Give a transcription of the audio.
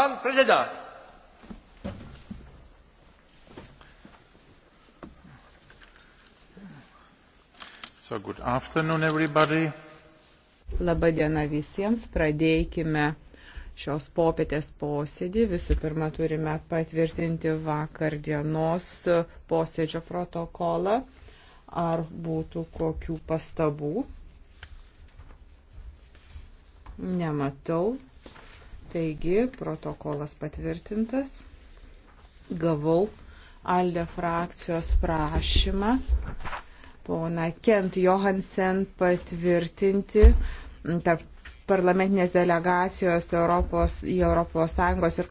Pan prezydent. So good afternoon everybody. Labadiena visiems. Pradėkime šios popietės posėdį. Visų pirma, turime patvirtinti vakar dienos posėdžio protokolą. Ar būtų kokių pastabų? Nematau. Taigi, protokolas patvirtintas. Gavau Alde frakcijos prašymą pona Kent Johansen patvirtinti tarp parlamentinės delegacijos Europos, į Europos Sąjungos ir